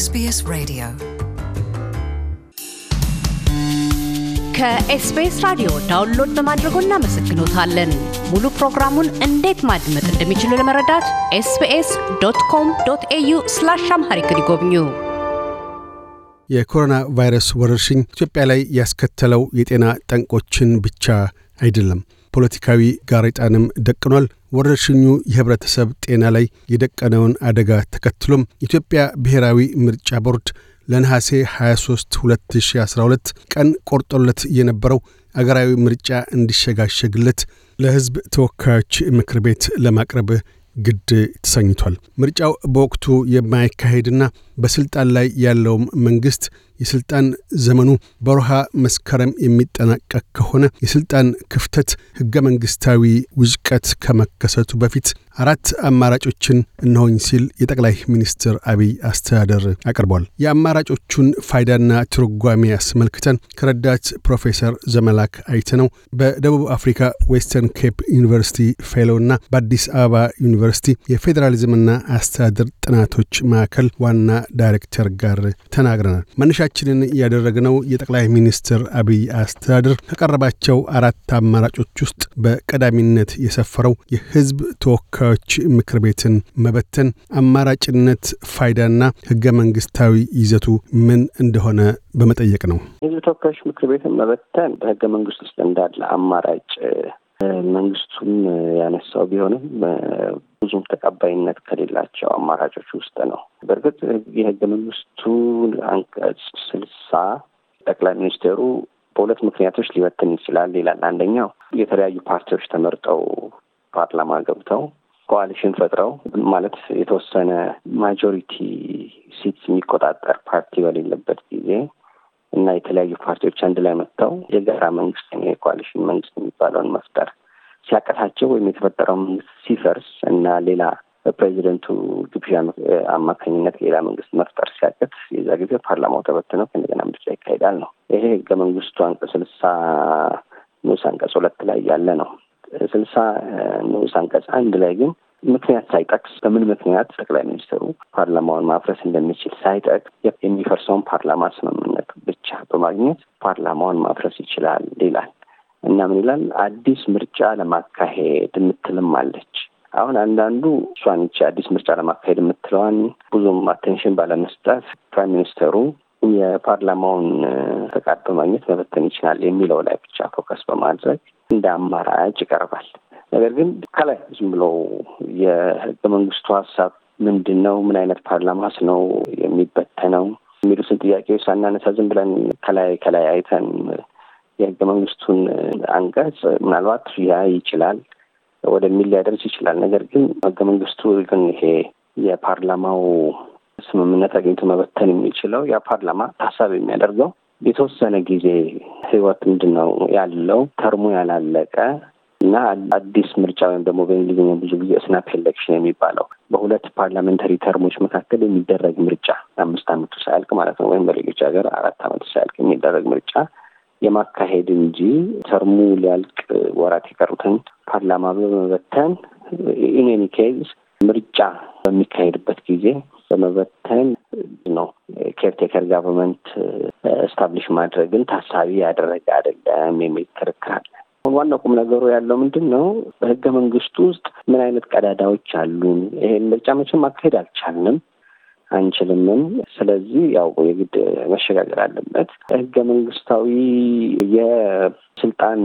ኤስቢኤስ Radio. ከኤስቢኤስ ራዲዮ ዳውንሎድ በማድረጎ እናመሰግኖታለን። ሙሉ ፕሮግራሙን እንዴት ማድመጥ እንደሚችሉ ለመረዳት ኤስቢኤስ ዶት ኮም ዶት ኤዩ ስላሽ አምሃሪክ ይጎብኙ። የኮሮና ቫይረስ ወረርሽኝ ኢትዮጵያ ላይ ያስከተለው የጤና ጠንቆችን ብቻ አይደለም ፖለቲካዊ ጋሬጣንም ደቅኗል። ወረርሽኙ የህብረተሰብ ጤና ላይ የደቀነውን አደጋ ተከትሎም ኢትዮጵያ ብሔራዊ ምርጫ ቦርድ ለነሐሴ 23 2012 ቀን ቆርጦለት የነበረው አገራዊ ምርጫ እንዲሸጋሸግለት ለሕዝብ ተወካዮች ምክር ቤት ለማቅረብ ግድ ተሰኝቷል። ምርጫው በወቅቱ የማይካሄድና በስልጣን ላይ ያለውም መንግሥት የስልጣን ዘመኑ በወርሃ መስከረም የሚጠናቀቅ ከሆነ የስልጣን ክፍተት ህገ መንግስታዊ ውዝቀት ከመከሰቱ በፊት አራት አማራጮችን እነሆኝ ሲል የጠቅላይ ሚኒስትር አብይ አስተዳደር አቅርቧል። የአማራጮቹን ፋይዳና ትርጓሜ አስመልክተን ከረዳት ፕሮፌሰር ዘመላክ ነው። በደቡብ አፍሪካ ዌስተርን ኬፕ ዩኒቨርሲቲ ፌሎ ና በአዲስ አበባ ዩኒቨርሲቲ የፌዴራሊዝምና አስተዳደር ጥናቶች ማዕከል ዋና ዳይሬክተር ጋር ተናግረናል። መነሻ ውይይታችንን ያደረግነው የጠቅላይ ሚኒስትር አብይ አስተዳደር ከቀረባቸው አራት አማራጮች ውስጥ በቀዳሚነት የሰፈረው የህዝብ ተወካዮች ምክር ቤትን መበተን አማራጭነት ፋይዳና ህገ መንግስታዊ ይዘቱ ምን እንደሆነ በመጠየቅ ነው። ህዝብ ተወካዮች ምክር ቤትን መበተን በህገ መንግስት ውስጥ እንዳለ አማራጭ መንግስቱም ያነሳው ቢሆንም ብዙም ተቀባይነት ከሌላቸው አማራጮች ውስጥ ነው። በእርግጥ የህገ መንግስቱ አንቀጽ ስልሳ ጠቅላይ ሚኒስትሩ በሁለት ምክንያቶች ሊበትን ይችላል ይላል። አንደኛው የተለያዩ ፓርቲዎች ተመርጠው ፓርላማ ገብተው ኮዋሊሽን ፈጥረው ማለት የተወሰነ ማጆሪቲ ሲት የሚቆጣጠር ፓርቲ በሌለበት ጊዜ እና የተለያዩ ፓርቲዎች አንድ ላይ መጥተው የጋራ መንግስት የኮዋሊሽን መንግስት የሚባለውን መፍጠር ሲያቀታቸው ወይም የተፈጠረው መንግስት ሲፈርስ እና ሌላ በፕሬዚደንቱ ግብዣ አማካኝነት ሌላ መንግስት መፍጠር ሲያቀት የዛ ጊዜ ፓርላማው ተበትኖ ከእንደገና ምርጫ ይካሄዳል ነው። ይሄ ህገ መንግስቱ አንቀጽ ስልሳ ንዑስ አንቀጽ ሁለት ላይ ያለ ነው። ስልሳ ንዑስ አንቀጽ አንድ ላይ ግን ምክንያት ሳይጠቅስ በምን ምክንያት ጠቅላይ ሚኒስትሩ ፓርላማውን ማፍረስ እንደሚችል ሳይጠቅስ የሚፈርሰውን ፓርላማ ስምምነት ብቻ በማግኘት ፓርላማውን ማፍረስ ይችላል ይላል። እና ምን ይላል አዲስ ምርጫ ለማካሄድ የምትልም አለች። አሁን አንዳንዱ እሷን ይቺ አዲስ ምርጫ ለማካሄድ የምትለዋን ብዙም አቴንሽን ባለመስጠት ፕራይም ሚኒስተሩ የፓርላማውን ፈቃድ በማግኘት መበተን ይችላል የሚለው ላይ ብቻ ፎከስ በማድረግ እንደ አማራጭ ይቀርባል። ነገር ግን ከላይ ዝም ብሎ የህገ መንግስቱ ሀሳብ ምንድን ነው? ምን አይነት ፓርላማስ ነው የሚበተነው? የሚሉትን ጥያቄዎች ሳናነሳ ዝም ብለን ከላይ ከላይ አይተን የህገ መንግስቱን አንቀጽ ምናልባት ያ ይችላል ወደሚል ሊያደርስ ይችላል። ነገር ግን ህገ መንግስቱ ግን ይሄ የፓርላማው ስምምነት አግኝቶ መበተን የሚችለው ያ ፓርላማ ታሳቢ የሚያደርገው የተወሰነ ጊዜ ህይወት ምንድን ነው ያለው ተርሙ ያላለቀ እና አዲስ ምርጫ ወይም ደግሞ በእንግሊዝኛ ብዙ ጊዜ ስናፕ ኤሌክሽን የሚባለው በሁለት ፓርላሜንታሪ ተርሞች መካከል የሚደረግ ምርጫ አምስት አመቱ ሳያልቅ ማለት ነው። ወይም በሌሎች ሀገር አራት አመቱ ሳያልቅ የሚደረግ ምርጫ የማካሄድ እንጂ ተርሙ ሊያልቅ ወራት የቀሩትን ፓርላማ በመበተን ኢኔኒ ኬዝ ምርጫ በሚካሄድበት ጊዜ በመበተን ነው። ኬርቴከር ጋቨርንመንት ስታብሊሽ ማድረግን ታሳቢ ያደረገ አይደለም የሚል ክርክር አለ። ዋናው ቁም ነገሩ ያለው ምንድን ነው? በህገ መንግስቱ ውስጥ ምን አይነት ቀዳዳዎች አሉን? ይሄን ምርጫ መቼም ማካሄድ አልቻልንም። አንችልምም። ስለዚህ ያው የግድ መሸጋገር አለበት። ህገ መንግስታዊ የስልጣን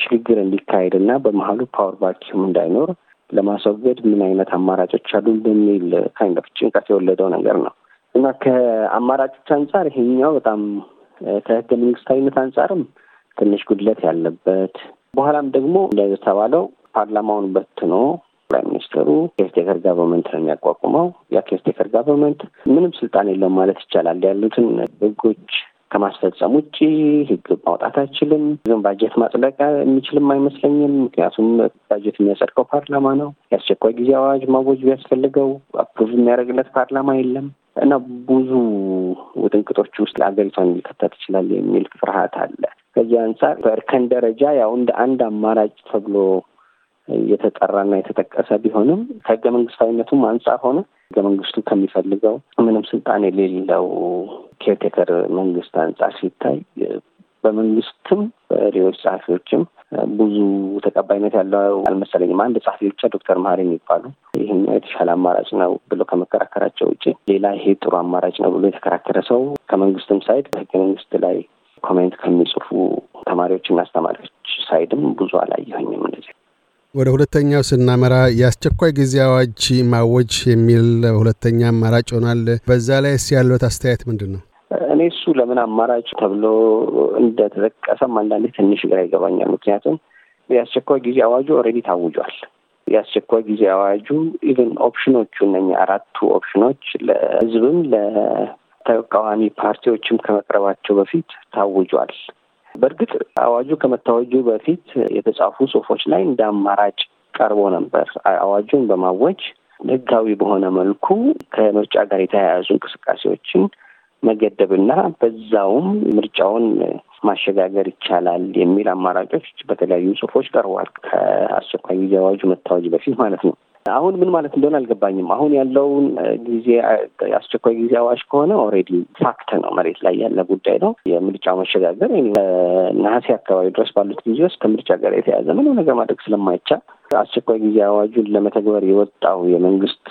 ሽግግር እንዲካሄድ እና በመሀሉ ፓወር ቫኪዩም እንዳይኖር ለማስወገድ ምን አይነት አማራጮች አሉ በሚል ካይንድ ኦፍ ጭንቀት የወለደው ነገር ነው እና ከአማራጮች አንጻር ይሄኛው በጣም ከህገ መንግስታዊነት አንጻርም ትንሽ ጉድለት ያለበት በኋላም ደግሞ እንደተባለው ፓርላማውን በትኖ ጠቅላይ ሚኒስትሩ ኬርቴከር ጋቨርመንት ነው የሚያቋቁመው። ያ ኬርቴከር ጋቨርመንት ምንም ስልጣን የለውም ማለት ይቻላል። ያሉትን ህጎች ከማስፈጸም ውጭ ህግ ማውጣት አይችልም። ዝም ባጀት ማጽደቅ የሚችልም አይመስለኝም። ምክንያቱም ባጀት የሚያጸድቀው ፓርላማ ነው። የአስቸኳይ ጊዜ አዋጅ ማወጅ ቢያስፈልገው አፕሩቭ የሚያደርግለት ፓርላማ የለም እና ብዙ ውጥንቅጦች ውስጥ ለሀገሪቷን ሊከታት ይችላል የሚል ፍርሃት አለ። ከዚህ አንጻር በእርከን ደረጃ ያው እንደ አንድ አማራጭ ተብሎ የተጠራና የተጠቀሰ ቢሆንም ከህገ መንግስታዊነቱም አንጻር ሆነ ህገ መንግስቱ ከሚፈልገው ምንም ስልጣን የሌለው ኬርቴከር መንግስት አንጻር ሲታይ በመንግስትም በሌሎች ጸሐፊዎችም ብዙ ተቀባይነት ያለው አልመሰለኝም። አንድ ጸሐፊ ብቻ ዶክተር መሀሪ የሚባሉ ይህኛው የተሻለ አማራጭ ነው ብሎ ከመከራከራቸው ውጭ ሌላ ይሄ ጥሩ አማራጭ ነው ብሎ የተከራከረ ሰው ከመንግስትም ሳይድ በህገ መንግስት ላይ ኮሜንት ከሚጽፉ ተማሪዎችና አስተማሪዎች ሳይድም ብዙ አላየሁኝም እንደዚህ ወደ ሁለተኛው ስናመራ የአስቸኳይ ጊዜ አዋጅ ማወጅ የሚል ሁለተኛ አማራጭ ሆናል። በዛ ላይ እስ ያለት አስተያየት ምንድን ነው? እኔ እሱ ለምን አማራጭ ተብሎ እንደተጠቀሰም አንዳንዴ ትንሽ ግራ ይገባኛል። ምክንያቱም የአስቸኳይ ጊዜ አዋጁ ኦልሬዲ ታውጇል። የአስቸኳይ ጊዜ አዋጁ ኢቨን ኦፕሽኖቹ እነኛ አራቱ ኦፕሽኖች ለህዝብም ለተቃዋሚ ፓርቲዎችም ከመቅረባቸው በፊት ታውጇል። በእርግጥ አዋጁ ከመታወጁ በፊት የተጻፉ ጽሁፎች ላይ እንደ አማራጭ ቀርቦ ነበር። አዋጁን በማወጅ ህጋዊ በሆነ መልኩ ከምርጫ ጋር የተያያዙ እንቅስቃሴዎችን መገደብና በዛውም ምርጫውን ማሸጋገር ይቻላል የሚል አማራጮች በተለያዩ ጽሁፎች ቀርቧል። ከአስቸኳይ ጊዜ አዋጁ መታወጅ በፊት ማለት ነው። አሁን ምን ማለት እንደሆነ አልገባኝም። አሁን ያለውን ጊዜ አስቸኳይ ጊዜ አዋጅ ከሆነ ኦልሬዲ ፋክት ነው፣ መሬት ላይ ያለ ጉዳይ ነው። የምርጫው መሸጋገር ነሐሴ አካባቢ ድረስ ባሉት ጊዜ ውስጥ ከምርጫ ጋር የተያዘ ምንም ነገር ማድረግ ስለማይቻል አስቸኳይ ጊዜ አዋጁን ለመተግበር የወጣው የመንግስት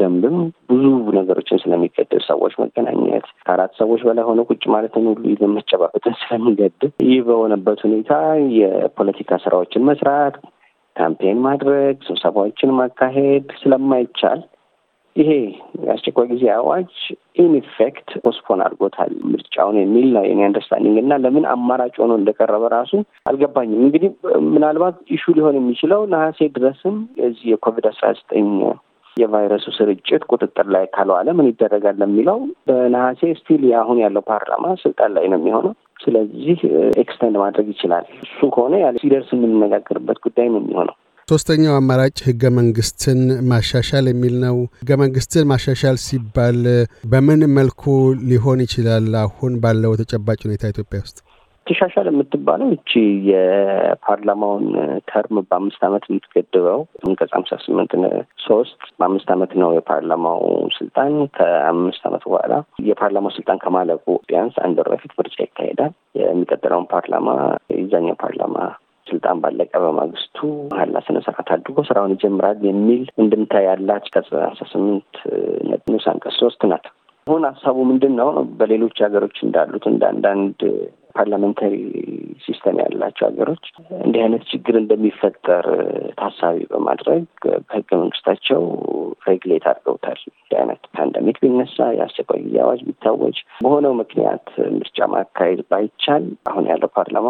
ደንብም ብዙ ነገሮችን ስለሚገድብ ሰዎች መገናኘት፣ ከአራት ሰዎች በላይ ሆነ ቁጭ ማለትን ሁሉ ይዘን መጨባበጥን ስለሚገድብ ይህ በሆነበት ሁኔታ የፖለቲካ ስራዎችን መስራት፣ ካምፔን ማድረግ፣ ስብሰባዎችን ማካሄድ ስለማይቻል ይሄ የአስቸኳይ ጊዜ አዋጅ ኢንፌክት ፖስፖን አድርጎታል ምርጫውን የሚል ነው የኔ አንደርስታንዲንግ። እና ለምን አማራጭ ሆኖ እንደቀረበ ራሱ አልገባኝም። እንግዲህ ምናልባት ኢሹ ሊሆን የሚችለው ነሐሴ ድረስም የዚህ የኮቪድ አስራ ዘጠኝ የቫይረሱ ስርጭት ቁጥጥር ላይ ካልዋለ ምን ይደረጋል ለሚለው በነሐሴ ስቲል አሁን ያለው ፓርላማ ስልጣን ላይ ነው የሚሆነው። ስለዚህ ኤክስተንድ ማድረግ ይችላል። እሱ ከሆነ ያ ሲደርስ የምንነጋገርበት ጉዳይ ነው የሚሆነው። ሶስተኛው አማራጭ ህገ መንግስትን ማሻሻል የሚል ነው። ህገ መንግስትን ማሻሻል ሲባል በምን መልኩ ሊሆን ይችላል? አሁን ባለው ተጨባጭ ሁኔታ ኢትዮጵያ ውስጥ ትሻሻል የምትባለው እቺ የፓርላማውን ተርም በአምስት አመት የምትገድበው አንቀጽ ሀምሳ ስምንት ሶስት በአምስት አመት ነው የፓርላማው ስልጣን። ከአምስት አመት በኋላ የፓርላማው ስልጣን ከማለቁ ቢያንስ አንድ ወር በፊት ምርጫ ይካሄዳል። የሚቀጥለውን ፓርላማ የዛኛው ፓርላማ ስልጣን ባለቀ በማግስቱ ሀላ ስነ ስርዓት አድርጎ ስራውን ይጀምራል የሚል እንድምታ ያላት ቀጽ ሀምሳ ስምንት ንዑስ አንቀጽ ሶስት ናት። አሁን ሀሳቡ ምንድን ነው? በሌሎች ሀገሮች እንዳሉት እንደ አንዳንድ ፓርላመንታሪ ሲስተም ያላቸው ሀገሮች እንዲህ አይነት ችግር እንደሚፈጠር ታሳቢ በማድረግ በህገ መንግስታቸው ሬግሌት አድርገውታል። እንዲህ አይነት ፓንደሚክ ቢነሳ፣ የአስቸኳይ ጊዜ አዋጅ ቢታወጅ፣ በሆነው ምክንያት ምርጫ ማካሄድ ባይቻል አሁን ያለው ፓርላማ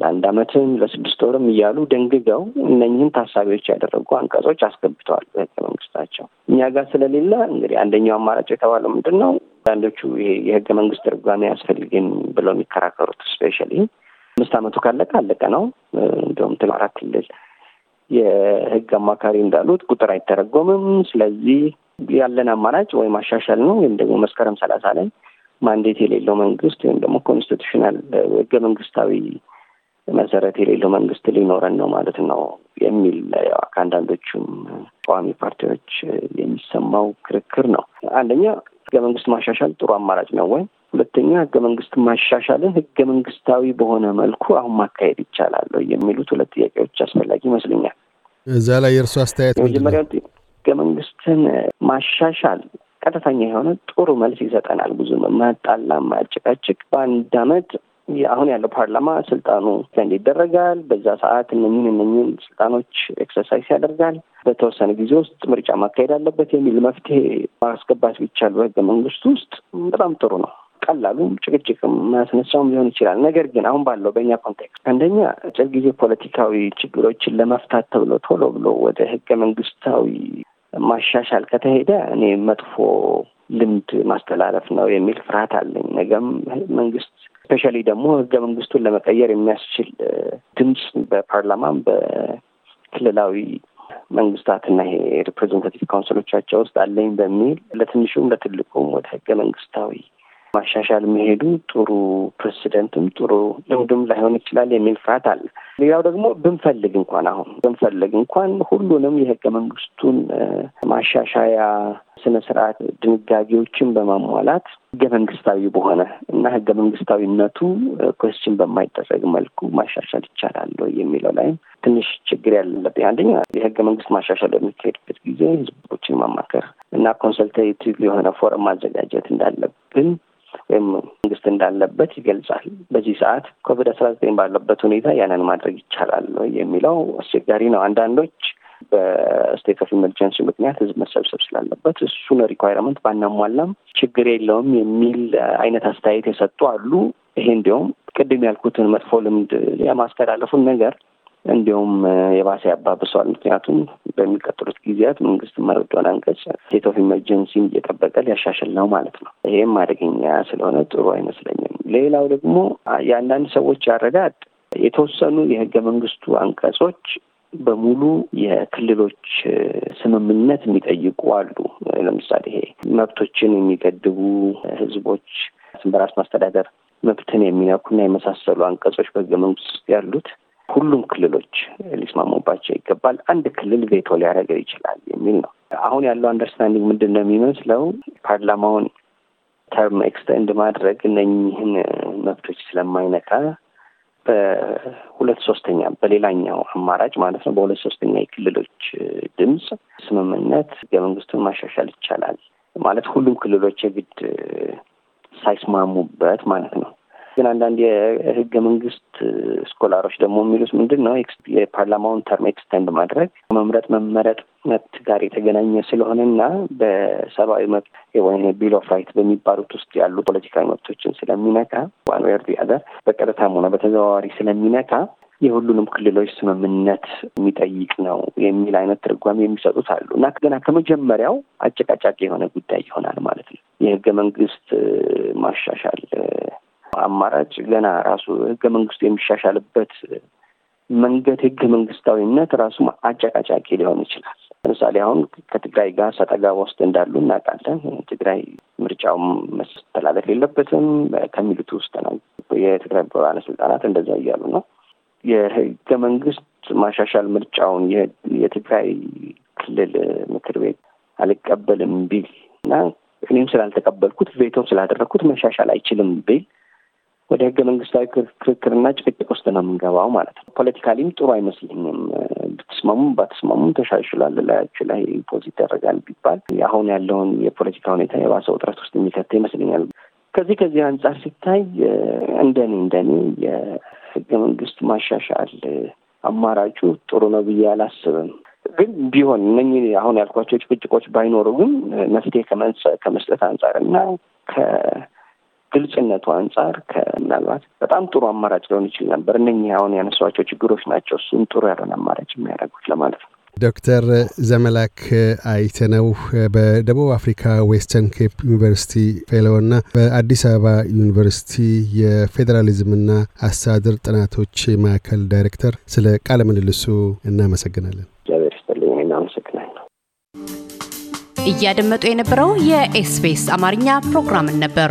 ለአንድ ዓመትም ለስድስት ወርም እያሉ ደንግገው እነኝህን ታሳቢዎች ያደረጉ አንቀጾች አስገብተዋል በህገ መንግስታቸው። እኛ ጋር ስለሌለ እንግዲህ አንደኛው አማራጭ የተባለው ምንድን ነው? አንዳንዶቹ የህገ መንግስት ትርጓሜ ያስፈልግን ብለው የሚከራከሩት ስፔሻሊ አምስት አመቱ ካለቀ አለቀ ነው። እንዲሁም ትግራይ ክልል የህግ አማካሪ እንዳሉት ቁጥር አይተረጎምም። ስለዚህ ያለን አማራጭ ወይ ማሻሻል ነው ወይም ደግሞ መስከረም ሰላሳ ላይ ማንዴት የሌለው መንግስት ወይም ደግሞ ኮንስቲቱሽናል ህገ መንግስታዊ መሰረት የሌለው መንግስት ሊኖረን ነው ማለት ነው የሚል ከአንዳንዶቹም ተቃዋሚ ፓርቲዎች የሚሰማው ክርክር ነው። አንደኛ ህገ መንግስት ማሻሻል ጥሩ አማራጭ ነው ወይ? ሁለተኛ ህገ መንግስት ማሻሻልን ህገ መንግስታዊ በሆነ መልኩ አሁን ማካሄድ ይቻላል የሚሉት ሁለት ጥያቄዎች አስፈላጊ ይመስለኛል። እዛ ላይ የእርሱ አስተያየት መጀመሪያ ህገ መንግስትን ማሻሻል ቀጥተኛ የሆነ ጥሩ መልስ ይሰጠናል። ብዙ መጣላ ማያጭቃጭቅ በአንድ አመት አሁን ያለው ፓርላማ ስልጣኑ ዘንድ ይደረጋል። በዛ ሰዓት እነኝን እነኝን ስልጣኖች ኤክሰርሳይዝ ያደርጋል። በተወሰነ ጊዜ ውስጥ ምርጫ ማካሄድ አለበት የሚል መፍትሄ ማስገባት ቢቻል በህገ መንግስቱ ውስጥ በጣም ጥሩ ነው። ቀላሉ ጭቅጭቅም ማያስነሳውም ሊሆን ይችላል። ነገር ግን አሁን ባለው በእኛ ኮንቴክስት አንደኛ አጭር ጊዜ ፖለቲካዊ ችግሮችን ለመፍታት ተብሎ ቶሎ ብሎ ወደ ህገ መንግስታዊ ማሻሻል ከተሄደ እኔ መጥፎ ልምድ ማስተላለፍ ነው የሚል ፍርሃት አለኝ። ነገም መንግስት ስፔሻሊ ደግሞ ህገ መንግስቱን ለመቀየር የሚያስችል ድምፅ በፓርላማም በክልላዊ መንግስታትና ይሄ ሪፕሬዘንታቲቭ ካውንስሎቻቸው ውስጥ አለኝ በሚል ለትንሹም ለትልቁም ወደ ህገ መንግስታዊ ማሻሻል መሄዱ ጥሩ ፕሬሲደንትም ጥሩ ልምድም ላይሆን ይችላል የሚል ፍርሃት አለ። ሌላው ደግሞ ብንፈልግ እንኳን አሁን ብንፈልግ እንኳን ሁሉንም የህገ መንግስቱን ማሻሻያ ስነ ስርዓት ድንጋጌዎችን በማሟላት ህገ መንግስታዊ በሆነ እና ህገ መንግስታዊነቱ ኮስችን በማይጠረግ መልኩ ማሻሻል ይቻላል የሚለው ላይም ትንሽ ችግር ያለበት አንደኛ የህገ መንግስት ማሻሻል በሚካሄድበት ጊዜ ህዝቦችን ማማከር እና ኮንሰልቴቲቭ የሆነ ፎረም ማዘጋጀት እንዳለብን ወይም መንግስት እንዳለበት ይገልጻል። በዚህ ሰዓት ኮቪድ አስራ ዘጠኝ ባለበት ሁኔታ ያንን ማድረግ ይቻላል የሚለው አስቸጋሪ ነው። አንዳንዶች በስቴት ኦፍ ኢመርጀንሲ ምክንያት ህዝብ መሰብሰብ ስላለበት እሱን ሪኳይርመንት ባናሟላም ችግር የለውም የሚል አይነት አስተያየት የሰጡ አሉ። ይሄ እንዲሁም ቅድም ያልኩትን መጥፎ ልምድ የማስተላለፉን ነገር እንዲሁም የባሰ ያባብሷል። ምክንያቱም በሚቀጥሉት ጊዜያት መንግስት መረዷን አንቀጽ ስቴት ኦፍ ኢመርጀንሲን እየጠበቀ ሊያሻሽል ነው ማለት ነው። ይሄም አደገኛ ስለሆነ ጥሩ አይመስለኝም። ሌላው ደግሞ የአንዳንድ ሰዎች አረዳድ የተወሰኑ የህገ መንግስቱ አንቀጾች በሙሉ የክልሎች ስምምነት የሚጠይቁ አሉ። ለምሳሌ ይሄ መብቶችን የሚገድቡ ህዝቦች በራስ ማስተዳደር መብትን የሚነኩና የመሳሰሉ አንቀጾች በህገ መንግስት ያሉት ሁሉም ክልሎች ሊስማሙባቸው ይገባል። አንድ ክልል ቬቶ ሊያደረገው ይችላል የሚል ነው። አሁን ያለው አንደርስታንዲንግ ምንድን ነው የሚመስለው ፓርላማውን ተርም ኤክስተንድ ማድረግ እነኝህን መብቶች ስለማይነካ በሁለት ሶስተኛ በሌላኛው አማራጭ ማለት ነው በሁለት ሶስተኛ የክልሎች ድምፅ ስምምነት ህገ መንግስቱን ማሻሻል ይቻላል ማለት ሁሉም ክልሎች የግድ ሳይስማሙበት ማለት ነው። ግን አንዳንድ የህገ መንግስት ስኮላሮች ደግሞ የሚሉት ምንድን ነው የፓርላማውን ተርም ኤክስተንድ ማድረግ መምረጥ መመረጥ መብት ጋር የተገናኘ ስለሆነ ስለሆነና በሰብአዊ መብት ወይም ቢል ኦፍ ራይት በሚባሉት ውስጥ ያሉ ፖለቲካዊ መብቶችን ስለሚነካ ዋን ዌር ዲ አዘር በቀጥታም ሆነ በተዘዋዋሪ ስለሚነካ የሁሉንም ክልሎች ስምምነት የሚጠይቅ ነው የሚል አይነት ትርጓሜ የሚሰጡት አሉ እና ገና ከመጀመሪያው አጨቃጫቂ የሆነ ጉዳይ ይሆናል ማለት ነው። የህገ መንግስት ማሻሻል አማራጭ ገና ራሱ ህገ መንግስቱ የሚሻሻልበት መንገድ ህገ መንግስታዊነት ራሱ አጨቃጫቂ ሊሆን ይችላል። ለምሳሌ አሁን ከትግራይ ጋር ሰጠጋ ውስጥ እንዳሉ እናውቃለን። ትግራይ ምርጫውም መስተላለፍ የለበትም ከሚሉት ውስጥ ነው። የትግራይ ባለስልጣናት እንደዛ እያሉ ነው። የህገ መንግስት ማሻሻል ምርጫውን የትግራይ ክልል ምክር ቤት አልቀበልም ቢል እና እኔም ስላልተቀበልኩት ቬቶም ስላደረግኩት መሻሻል አይችልም ቢል ወደ ህገ መንግስታዊ ክርክርና ጭቅጭቅ ውስጥ ነው የምንገባው ማለት ነው። ፖለቲካሊም ጥሩ አይመስለኝም። ብትስማሙም ባትስማሙም ተሻሽሏል፣ ላያችሁ ላይ ፖዝ ይደረጋል ቢባል አሁን ያለውን የፖለቲካ ሁኔታ የባሰ ውጥረት ውስጥ የሚከተ ይመስለኛል። ከዚህ ከዚህ አንጻር ሲታይ እንደኔ እንደኔ የህገ መንግስት ማሻሻል አማራጩ ጥሩ ነው ብዬ አላስብም። ግን ቢሆን እነ አሁን ያልኳቸው ጭቅጭቆች ባይኖሩ ግን መፍትሄ ከመስጠት አንጻር እና ግልጽነቱ አንጻር ከምናልባት በጣም ጥሩ አማራጭ ሊሆን ይችል ነበር። እነኚህ አሁን ያነሷቸው ችግሮች ናቸው እሱን ጥሩ ያለን አማራጭ የሚያደርጉት ለማለት ነው። ዶክተር ዘመላክ አይተነው በደቡብ አፍሪካ ዌስተርን ኬፕ ዩኒቨርሲቲ ፌሎና በአዲስ አበባ ዩኒቨርሲቲ የፌዴራሊዝምና አስተዳደር ጥናቶች ማዕከል ዳይሬክተር፣ ስለ ቃለ ምልልሱ እናመሰግናለን። እያደመጡ የነበረው የኤስቢኤስ አማርኛ ፕሮግራምን ነበር።